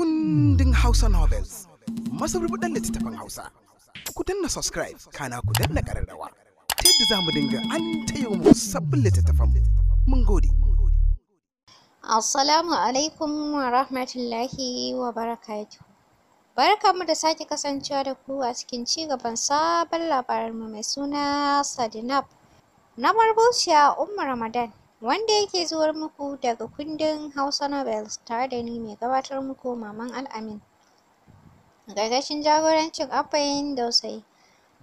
kundin Hausa Novels, Masu Rubutun littattafan Hausa. Ku danna subscribe, kana ku danna ƙararrawa. Ta yadda za mu dinga an tayo mu sabbin littattafan mun gode. Assalamu alaikum wa rahmatullahi wa barakatuh. Barkanmu da sake kasancewa da ku a cikin ci gaban sabon mu mai suna Sadinab na marubuciya Umma Ramadan wanda yake zuwar muku daga kundin Hausa Novels tare da ni mai gabatar muku Maman Al'amin. Gargashin jagorancin Abbayin Dausayi.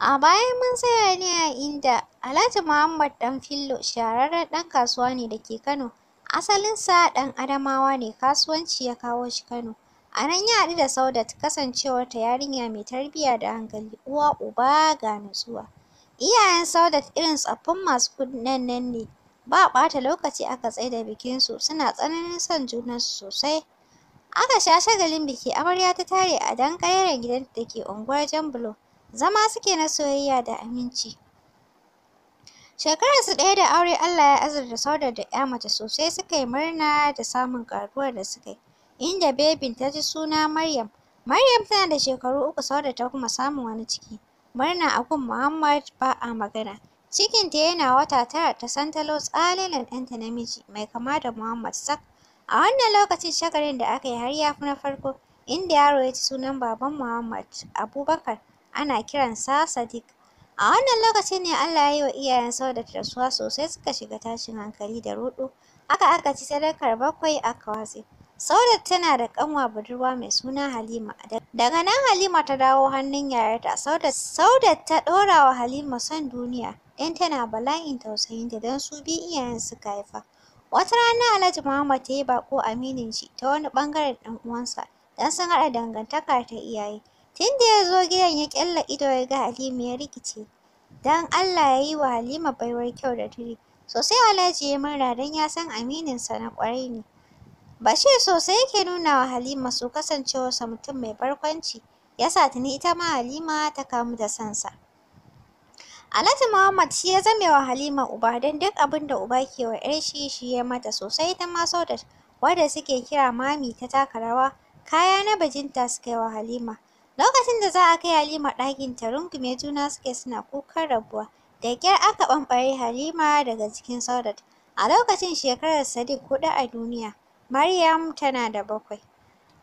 A bayan mun saya ne a inda Alhaji Muhammad fillo shahararren ɗan kasuwa ne da ke Kano. Asalinsa ɗan Adamawa ne kasuwanci ya kawo shi Kano. A nan ya haɗu da Saudat kasancewar ta yarinya mai tarbiyya da hankali uwa uba ga nutsuwa. Iyayen Saudat irin tsaffin masu kuɗin nan ne ba ɓata lokaci aka da bikinsu suna tsananin son junansu sosai aka sha shagalin biki amarya ta tare a dan ƙareren gidan da ke unguwar Jambulo zama suke na soyayya da aminci shekararsu ɗaya da aure Allah ya azurta saudar da ƴa mace sosai suka yi murna da samun karuwar da suka yi inda bebin ta ji suna Maryam Maryam tana da shekaru uku saudar ta kuma samun wani ciki murna a gun Muhammad ba a magana Cikinta yana wata tara ta santalo tsalelen ɗanta namiji mai kama da Muhammad Sak. A wannan lokacin shagalin da aka yi har ya fi na farko, inda yaro ya ci sunan baban Muhammad, Abubakar, ana kiransa Sadiq. A wannan lokacin ne Allah ya yi wa iyayen da rasuwa sosai suka shiga tashin hankali da ruɗu. Haka aka ci sadakar bakwai aka watse. Saudat tana da kanwa budurwa mai suna Halima. Daga nan Halima ta dawo hannun yayarta, Saudat ta ɗora wa Halima son duniya. Dan tana bala'in ta don su biyu iyayen suka haifa. Wata rana Alhaji Muhammad ta yi baƙo aminin ci ta wani ɓangaren ɗan uwansa don sun haɗa dangantaka ta iyaye. Tun da ya zo gidan ya ƙyalla ido ya ga Halima ya rikice. Don Allah ya yi wa Halima baiwar kyau da So Sosai Alhaji ya murna don ya san amininsa na ƙwarai ne. Bashir sosai yake nuna wa Halima su kasancewarsa mutum mai barkwanci. Ya sa tuni ita ma Halima ta kamu da sansa. Alhaji Muhammad shi ya zame wa Halima uba don duk abin da uba ke wa 'yar shi shi ya mata sosai ta ma Saudat wadda suke kira Mami ta taka rawa kaya na bajinta suka yi wa Halima. Lokacin da za a kai Halima ɗakin ta rungume juna suke suna kukan rabuwa. Da ƙyar aka ɓamɓare Halima daga cikin Saudat. A lokacin shekarar Sadiq huɗu a duniya, Maryam tana da bakwai.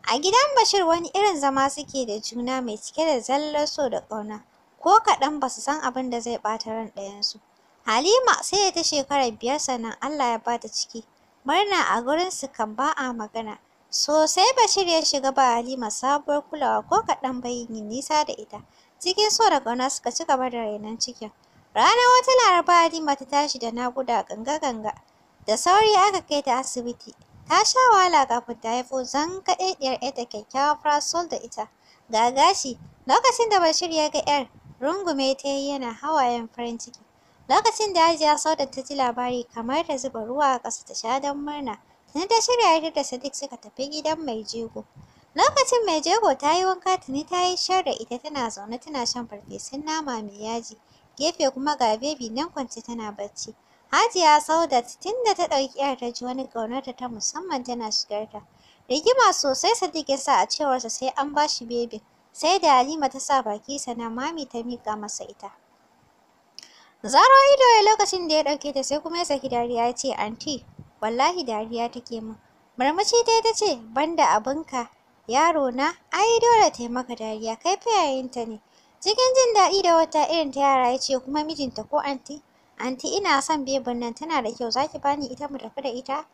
A gidan Bashir wani irin zama suke da juna mai cike da zallar so da ƙauna. ko kaɗan ba su san abin da zai ɓata ran ɗayansu. Halima sai da ta shekarar biyar sannan Allah ya bata ciki. Murna a gurin su kan ba a magana. Sosai Bashir ya shiga ba Halima sabuwar kulawa ko kaɗan bai yi nisa da ita. Cikin so da ƙauna suka ci gaba da rainon cikin. Ranar wata Laraba Halima ta tashi da naƙuda ganga-ganga. Da sauri aka kai ta asibiti. Ta sha wahala kafin ta haifo ɗaiɗiyar ita kyakkyawar fara da ita. Gagashi, lokacin da Bashir ya ga 'yar, rungume ta yi yana hawayen farin ciki. Lokacin da Hajiya Saudat ta ji labari kamar ta zuba ruwa a ƙasa ta sha don murna, tuni ta shirya ita da Sadiq suka tafi gidan mai jego. Lokacin mai jego ta yi wanka tuni ta yi shar da ita tana zaune tana shan farfesun nama mai yaji, gefe kuma ga bebi nan kwance tana bacci. Hajiya Saudat tun da ta ɗauki ‘yar ta ji wani ƙaunarta ta musamman tana shigarta. Rigima sosai Sadiq ya sa a cewarsa sai an ba shi bebin. sai da Halima ta sa baki sannan mami ta miƙa masa ita. Zaro ido ya lokacin da ya ɗauke ta sai kuma ya saki dariya ya ce anti wallahi dariya take min. Marmaci ta ta ce banda abin abinka yaro na ai dole ta yi maka dariya kai fa yayinta ne. Cikin jin daɗi da wata irin ta yara ya ce kuma mijinta ko anti anti ina son bebin nan tana da kyau za ki bani ita mu tafi da ita.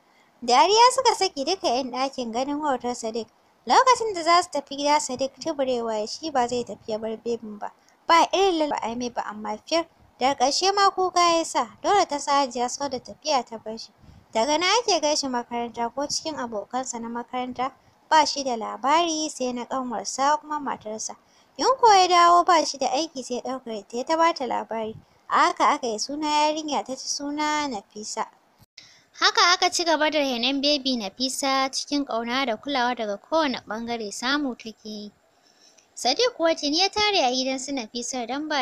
Dariya suka saki duka 'yan ɗakin ganin wautar Sadiq. Lokacin da za su tafi gida Sadiq ya shi ba zai tafi ya bar bebin ba. Ba irin ba mai ba amma fiyar. Daga ƙarshe ma kuka ya sa dole ta sa Hajiya sau da tafiya ta bar shi. Daga na ake gashi makaranta ko cikin abokansa na makaranta ba shi da labari sai na ƙanwarsa kuma matarsa. In ko ya dawo ba shi da aiki sai ɗaukar ta ya ta ba ta labari. A haka aka yi suna yarinya ta ci suna Nafisa. Haka aka ci gaba da renon Baby Nafisa cikin ƙauna da kulawa daga kowane ɓangare samu take yi. Sadiq kuwa tuni ya tare a gidan su Nafisar don ba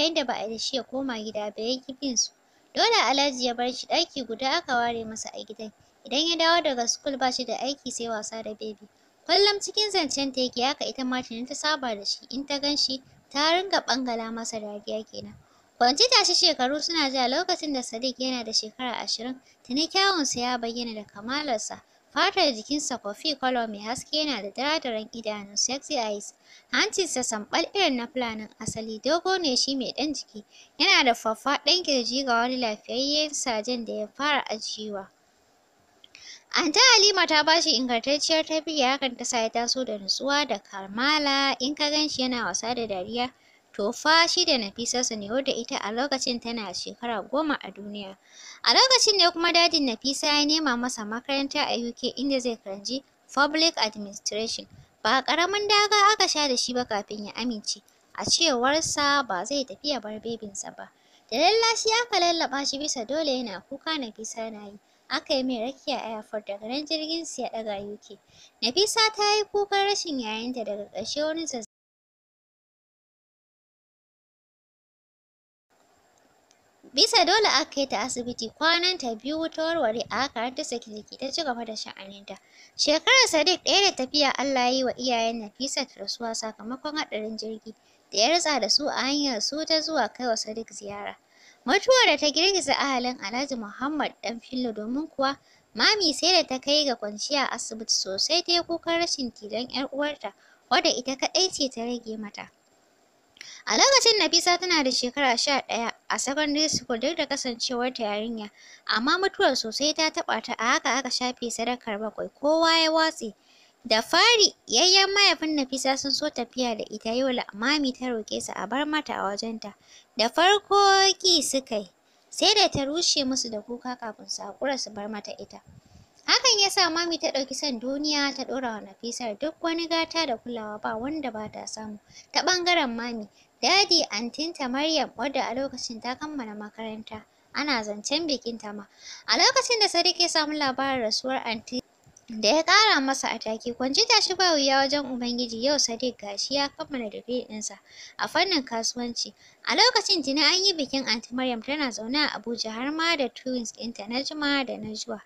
yadda ba a da shi ya koma gida ba ya ƙi bin su. Dole Alhaji ya bar shi ɗaki guda aka ware masa a gidan. Idan ya dawo daga sukul ba shi da aiki sai wasa da bebi. Kullum cikin zancen ta yake haka ita ma ta saba da shi in ta ganshi. ta ringa ɓangala masa dariya kenan. Kwanci tashi shekaru suna ja lokacin da Sadiq yana da shekara ashirin, tuni kyawunsa ya bayyana da kamalarsa. Fatar jikinsa kofi kwalo mai haske yana da daradaran idanu sexy eyes. Hancinsa samɓal irin na fulanin asali dogo ne shi mai ɗan jiki. Yana da faffaɗan kirji ga wani lafiyayyen sajen da ya fara ajiyewa. Anta Halima ta bashi ingantacciyar tarbiyya hakan ta sa ya taso da nutsuwa da kamala in ka ganshi yana wasa da dariya To fa shi da Nafisatu ne da ita a lokacin tana shekara goma a duniya. A lokacin ne kuma dadin Nafisa ya nema masa makaranta a UK inda zai karanci Public Administration. Ba ƙaramin daga aka sha da shi ba kafin ya amince. A cewarsa ba zai tafi ya bar bebinsa ba. Da lallashi aka lallaba shi bisa dole yana kuka Nafisa na yi. Aka yi mai rakiya a airport daga nan jirgin su ya ɗaga UK. Nafisa ta yi kukan rashin yayanta daga ƙarshe wani zazzaɓi. Bisa dole aka kai ta asibiti kwanan ta biyu ta warware a haka har ta saki jiki ta ci gaba da sha'aninta. Shekarar Sadiq ɗaya da tafiya Allah ya yi wa iyayen Nafisat rasuwa sakamakon haɗarin jirgi da ya ritsa da su a hanyar su ta zuwa kai wa Sadiq ziyara. Mutuwar da ta girgiza ahalin Alhaji Muhammad ɗan Fillo domin kuwa Mami sai da ta kai ga kwanciya asibiti sosai ta yi kukan rashin tilon 'yar uwarta wadda ita kaɗai ce ta rage mata. A lokacin Nafisa tana da shekara sha ɗaya a secondary school duk da kasancewarta yarinya, amma mutuwar sosai ta taɓa ta a haka aka shafe sadakar bakwai kowa ya watse. Da fari, yayyen mahaifin Nafisa sun so tafiya da ita Yola, Lamami ta roƙe su a bar mata a wajenta. Da farko ƙi suka yi, sai da ta rushe musu da kuka kafin su haƙura su bar mata ita. Hakan ya sa mami ta ɗauki son duniya ta ɗora wa Nafisar duk wani gata da kulawa ba wanda ba ta samu. Ta ɓangaren mami, dadi antinta Maryam wadda a lokacin ta kammala makaranta, ana zancen bikin ta ma. A lokacin da Sadiq ya samu labarin rasuwar anti da ya ƙara masa a take kwanci ta ba wuya wajen ubangiji yau sadiq gashi ya kammala digiri ɗinsa a fannin kasuwanci a lokacin tuni an yi bikin anti maryam tana zaune a abuja har ma da twins ɗinta na juma'a da na zuwa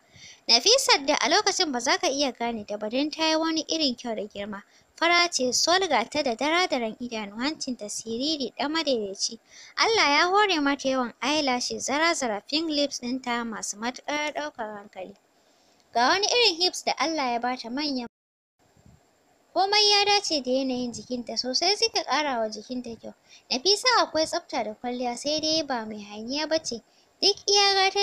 nafisa da a lokacin ba za ka iya gane da ba don ta yi wani irin kyau da girma. Fara ce solga ta da daradaran idanu hancin ta siriri ɗan madaidaici. Allah ya hore mata yawan eyelashes zara-zara pink lips ɗinta masu matuƙar ɗaukar hankali. Ga wani irin hips da Allah ya bata manyan komai ya dace da yanayin jikinta sosai suka ƙara wa jikinta kyau. Nafisa akwai tsafta da kwalliya sai dai ba mai hayaniya ba ce, duk iya gata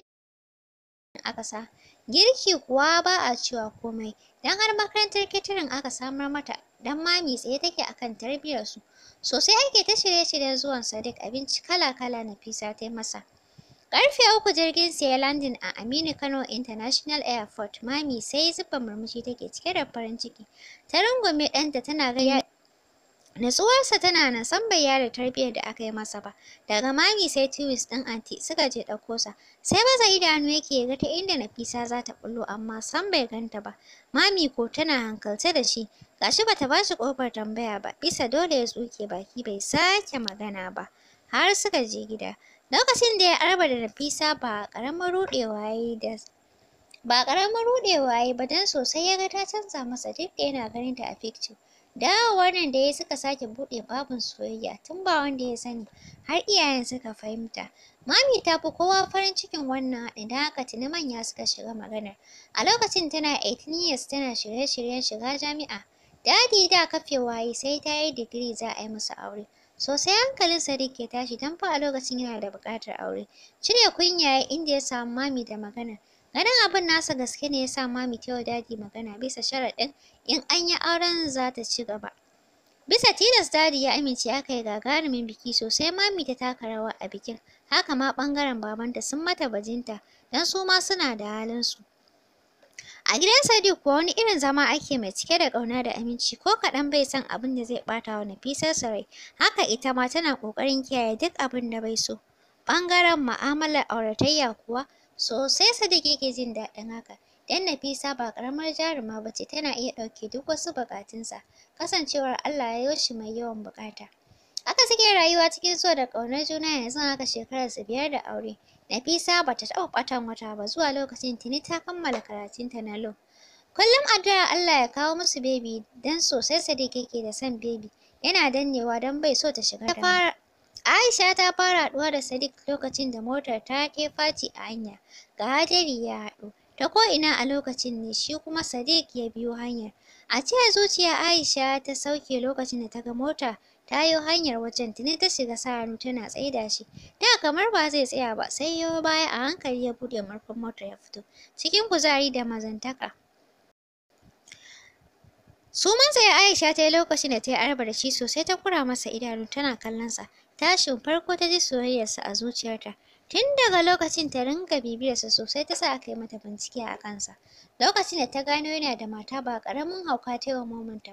a ƙasa. Girki kuwa ba a cewa komai, don har makarantar ketirin aka samar mata, don mami tsaye take akan kan tarbiyyarsu. Sosai ake ta shirye-shiryen zuwan Sadiq abinci kala-kala na fisa ta masa. Karfe uku jirgin sai ya a Aminu Kano International Airport, mami sai zuba murmushi take cike da farin ciki. Ta rungume ɗanta tana gani Natsuwarsa tana nan san bai yada tarbiyyar da aka yi masa ba. Daga mami sai tiwis ɗin anti suka je ɗauko sa. Sai maza idanu yake ga ta inda Nafisa za ta ɓullo amma san bai ganta ba. Mami ko tana hankalce da shi. Gashi bata ba shi ƙofar tambaya ba. Bisa dole ya tsuke baki bai sake magana ba. Har suka je gida. Lokacin da ya arba da Nafisa ba ƙaramin ruɗewa ya da ba ƙaramin ruɗewa ya yi ba don sosai ya ga ta canza masa duk da yana ganin ta a picture. Dawowar nan da ya suka sake buɗe babin soyayya tun ba wanda ya sani har iyayen suka fahimta. Mami ta fi kowa farin cikin wannan haɗin da haka tuni manya suka shiga maganar. A lokacin tana 18 years tana shirye-shiryen shiga jami'a. Dadi da kafe waye sai ta yi digiri za a yi musu aure. Sosai hankalin Sadiq ya tashi don fa a lokacin yana da buƙatar aure. Cire kunya inda ya samu mami da magana. Ganin abin nasa gaske ne yasa sa mami ta wa dadi magana bisa sharaɗin in an yi auren za ta ci gaba. Bisa tilas dadi ya amince aka yi gagarumin biki sosai mami ta taka rawa a bikin, haka ma ɓangaren babanta sun mata bajinta don su ma suna da halinsu. A gidan Sadiq kuwa wani irin zama ake mai cike da ƙauna da aminci ko kaɗan bai san abin da zai ɓata wa Nafisarsa rai, haka ita ma tana ƙoƙarin kiyaye duk abin da bai so. Ɓangaren ma'amalar auratayya kuwa Sosai Sadiq ke jin daɗin haka. Dan Nafisa ba karamar jaruma ba ce tana iya ɗauke duk wasu buƙatunsa, kasancewar Allah ya yi mai yawan buƙata. Aka suke rayuwa cikin so da ƙaunar juna yanzu haka shekarar su biyar da aure. Nafisa ba ta taɓa ɓatan wata ba zuwa lokacin tuni ta kammala karatunta na law. Kullum addu'a Allah ya kawo musu bebi don sosai Sadiq ke da son bebi. Yana dannewa don bai so ta shiga damuwa. Aisha ta fara haɗuwa da Sadiq lokacin da motar ta ke faci a hanya, ga hadari ya haɗu. Ta ko'ina a lokacin ne shi kuma Sadiq ya biyo hanyar. A cikin zuciya Aisha ta sauke lokacin da ta ga mota ta yi hanyar wajen tuni ta shiga sa hannu tana tsaida shi. Da kamar ba zai tsaya ba sai ya baya a hankali ya buɗe murfin motar ya fito cikin kuzari da mazantaka. Suman sai Aisha ta yi lokacin da ta yi arba da shi sosai ta kura masa idanu tana kallonsa. tashin farko ta ji soyayyarsa a zuciyarta. Tun daga lokacin ta ringa bibiyarsa sosai ta sa aka yi mata bincike a kansa. Lokacin da ta gano yana da mata ba ƙaramin hauka ta yi wa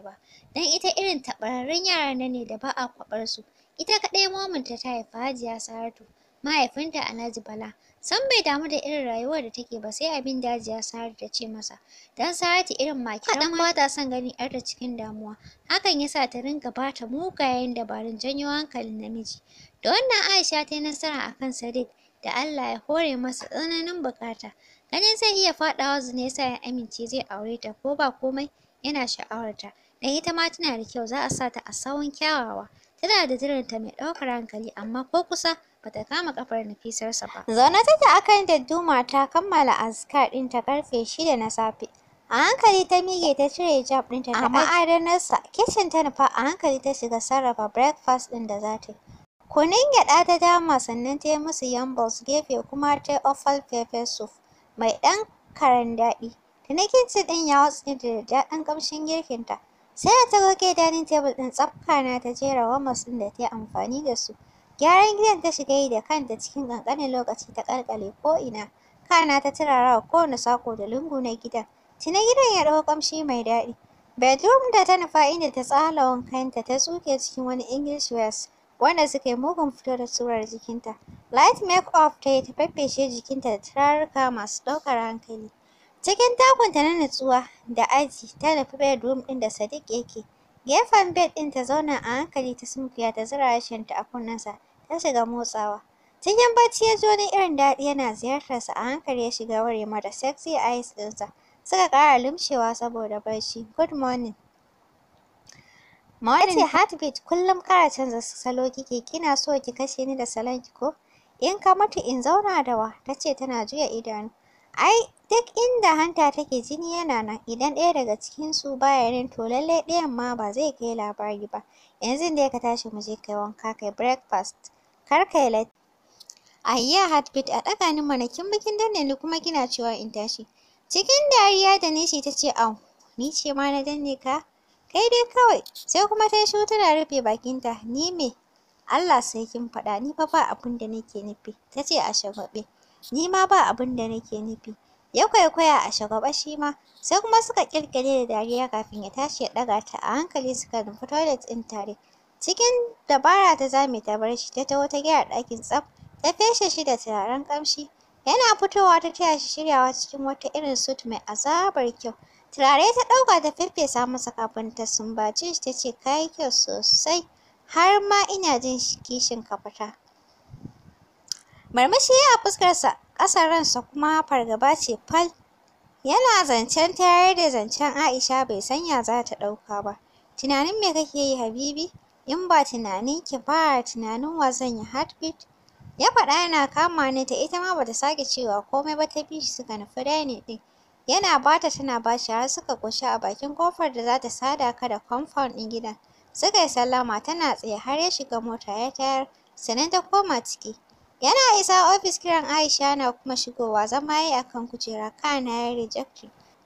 ba, don ita irin taɓararrun yara na ne da ba a kwaɓar su. Ita kaɗai momanta ta haifa Hajiya Saratu, mahaifinta Alhaji Bala. san bai damu da irin rayuwar da take ba sai abin ya Saratu da ce masa. Dan Saratu irin dan ba ta son ganin da cikin damuwa. Hakan yasa sa ta rinka ba ta mugayen dabarun janyo hankalin namiji. Da wannan Aisha ta yi nasara akan kan Sadiq da Allah ya hore masa tsananin bukata. Ganin zai iya faɗawa zina ya ya amince zai aure ta ko ba komai yana sha'awarta. Dan ita ma tana da kyau za a sa ta a sawun kyawawa. Tana da ta mai ɗaukar hankali amma ko kusa bata kama kafar Nafisarsa ba. Zaune take akan dadduma ta kammala azkar ɗinta karfe shida na safe. A hankali ta miƙe ta cire hijab ɗinta da ma'adanarsa. kitchen ta nufa a hankali ta shiga sarrafa breakfast ɗin da za ta yi. Kunun gyaɗa ta dama sannan ta yi musu yambals gefe kuma ta yi offal pepper soup mai ɗan karan daɗi. Tuni kicin ɗin ya watsu da daɗin ƙamshin girkinta. Sai da ta goge dining table ɗin tsafka na ta jera wamas ɗin da ta yi amfani da su. Gyaran gidan ta shiga yi da kanta cikin ƙanƙanin lokaci ta ƙalƙale ko'ina. Kana ta turarawa kowane saƙo da lungu na gidan. Tuni gidan ya ɗau kamshi mai daɗi. Bedroom da ta nufa inda ta tsala wankanta ta tsuke cikin wani English words, wanda suka yi mugun fito da surar jikinta. Light make-up ta yi ta faffeshe jikinta da turaruka masu ɗaukar hankali. Cikin takunta na natsuwa da aji ta nufi bedroom ɗin da Sadiq yake. Gefen bed ɗin ta zauna a hankali ta sunkuya ta zura harshenta a kunnensa. ya shiga motsawa. Cikin bacci ya ji wani irin daɗi yana ziyartar sa a hankali ya shiga wuri mara sexy eyes ɗinsa. Suka ƙara lumshewa saboda barci. Good morning. Mawar ce heartbeat kullum kara canza salo kike kina so ki kashe ni da salon ki ko? In ka mutu in zauna da wa? Ta ce tana juya idanu. Ai duk inda hanta take jini yana nan idan ɗaya daga cikin su baya nan to lallai ɗayan ma ba zai kai labari ba. Yanzu dai ka tashi mu je kai wanka kai breakfast. kar kai latti ayya heartbeat a ɗaga manakin kin bikin danne ni kuma kina cewa in tashi cikin dariya da nishi ta ce au ni ce ma na danne ka kai dai kawai sai kuma ta shiru tana rufe bakinta ni me Allah sai kin faɗa ni fa ba abin da nake nufi ta ce a shagwabe ni ma ba abin da nake nufi ya kwaikwaya a shagwaba shi ma sai kuma suka kirkire da dariya kafin ya tashi ya ɗaga ta a hankali suka nufi toilet ɗin tare Cikin dabara ta zame ta bar shi, ta taho ta gyara ɗakin tsaf, ta feshe shi da turaren ƙamshi. Yana fitowa ta taya shi shiryawa cikin wata irin sut mai azabar kyau. Turare ta ɗauka ta feffesa masa kafin ta sumbace shi ta ce kayi kyau sosai, har ma ina jin kishin ka fita. Murmushi a fuskarsa, ƙasan ransa kuma fargaba ce fal. Yana zancen tayar da zancen Aisha bai sanya ya za ta ɗauka ba. Tunanin me kake yi Habibi? in ba tunanin ki ba tunanin wa zan yi heartbeat ya faɗa yana kama ni ta ita ma bata sake cewa komai ba ta bi shi suka nufi dining ɗin yana bata tana bashi har suka ƙoshi a bakin ƙofar da zata sada ka da compound ɗin gidan suka yi sallama tana tsaye har ya shiga mota ya tayar sannan ta koma ciki yana isa ofis kiran Aisha na kuma shigowa zama yayi akan kujera kana ya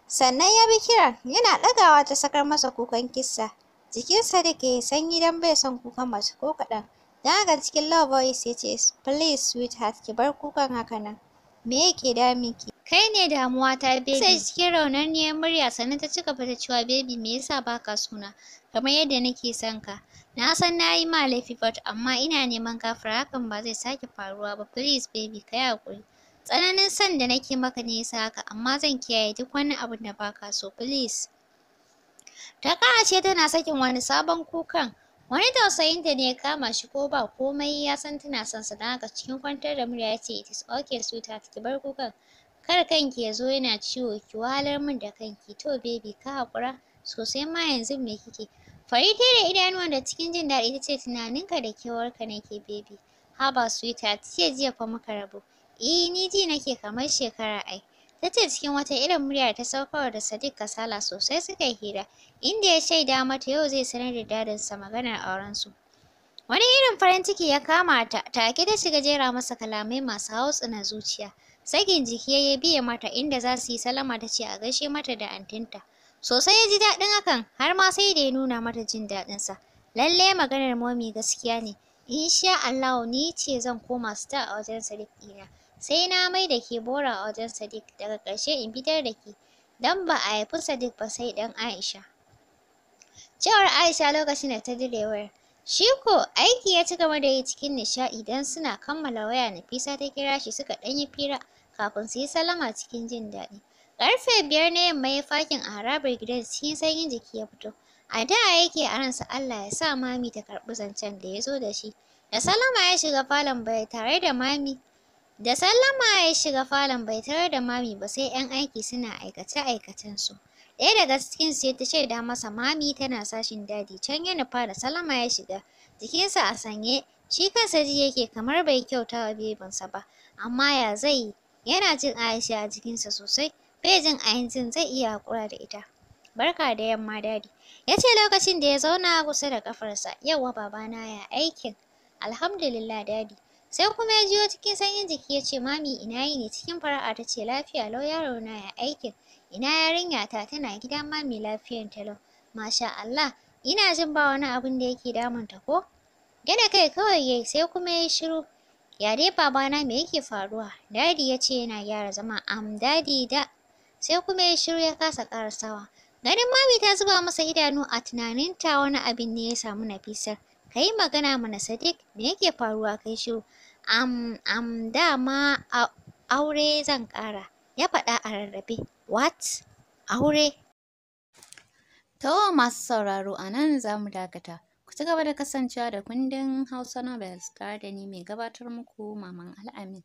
sannan ya bi kiran yana ɗagawa ta sakar masa kukan kissa Jikinsa da ke sanyi don bai son kukan mace ko kaɗan. Don haka cikin low voice ya ce, Please sweetheart ki bar kukan haka nan. Me yake ki? Kai ne damuwa ta baby. Sai cikin raunar raunanniyar murya sannan ta ci gaba da cewa baby me yasa baka suna? Kamar yadda nake son ka. Na san na yi ma laifi but amma ina neman gafara hakan ba zai sake faruwa ba. Please baby kai hakuri. Tsananin son da nake maka ne yasa haka amma zan kiyaye duk wani abun da baka so please. Ta ce tana sakin wani sabon kukan. Wani tausayin da ne ya kama shi ko ba komai ya san tana son sa haka cikin kwantar da murya yace ce it is okay sweetheart ki bar kukan. Kar kanki ya zo yana ciwo ki walar min da kanki to baby ka haƙura sosai ma yanzu me kike. Farida da idanuwan da cikin jin daɗi ta ce tunaninka da kewarka nake baby. Haba sweetheart jiya jiya fa muka rabu. Eh ni ji nake kamar shekara ai. Ta ce cikin wata irin muryar ta saukar da Sadiq kasala sosai suka yi hira, inda ya shaida mata yau zai sanar da dadinsa maganar aurensu. Wani irin farin ciki ya kama ta, take ta shiga jera masa kalamai masu hautsina zuciya. Sakin jiki ya biya mata inda za su yi salama ta ce a gaishe mata da antinta. Sosai ya ji daɗin hakan, har ma sai da ya nuna mata jin daɗinsa. Lallai maganar momi gaskiya ne, in sha Allahu ni ce zan koma Star a wajen Sadiq ɗina. sai na mai da ke bora a wajen Sadiq daga ƙarshe in fitar da ke don ba a haifi Sadiq ba sai dan Aisha. Cewar Aisha lokacin da ta dire wayar. Shi ko aiki ya ci gaba da yi cikin nishaɗi don suna kammala waya Nafisa ta kira shi suka ɗan yi fira kafin su yi salama cikin jin daɗi. Ƙarfe biyar na yamma ya fakin a harabar gidan cikin sanyin jiki ya fito. A da yake a ransa Allah ya sa mami ta karɓi zancen da ya zo da shi. Da salama ya shiga falon bai tare da mami Da sallama ya shiga falon bai tarar da mami ba sai 'yan aiki suna aikace aikacen su. Ɗaya daga su ya ta da masa mami tana sashin dadi can ya nufa sallama ya shiga. Jikinsa a sanye, shi kansa ji yake kamar bai kyauta wa bebinsa ba, amma ya zai yi? Yana jin Aisha a jikinsa sosai, bai jin ainihin zai iya haƙura da ita. Barka da yamma dadi. Ya ce lokacin da ya zauna kusa da ƙafarsa, yauwa babana ya aikin? Alhamdulillah dadi. Sai kuma ya jiyo cikin sanyin jiki ya ce mami ina yi ne cikin fara'a ta ce lafiya lau yaro na ya aikin ina yarinya ta tana gida mami lafiyan talo masha Allah ina jin ba wani abin da yake damun ta, ko? Gada kai kawai yayi sai kuma ya shiru ya dai babana me yake faruwa? Dadi ya ce yana gyara zama am dadi da sai kuma ya shiru ya kasa karasawa. Ganin mami ta zuba masa idanu a tunaninta wani abin ne ya samu Nafisar. ka yi magana mana Sadiq, me yake faruwa kai shiru? Am, am dama aure zan ƙara, ya faɗa a rarrabe. What? Aure? To masu sauraro a nan za mu dakata. Ku ci gaba da kasancewa da kundin Hausa Nobels tare mai gabatar muku Maman Al'amin.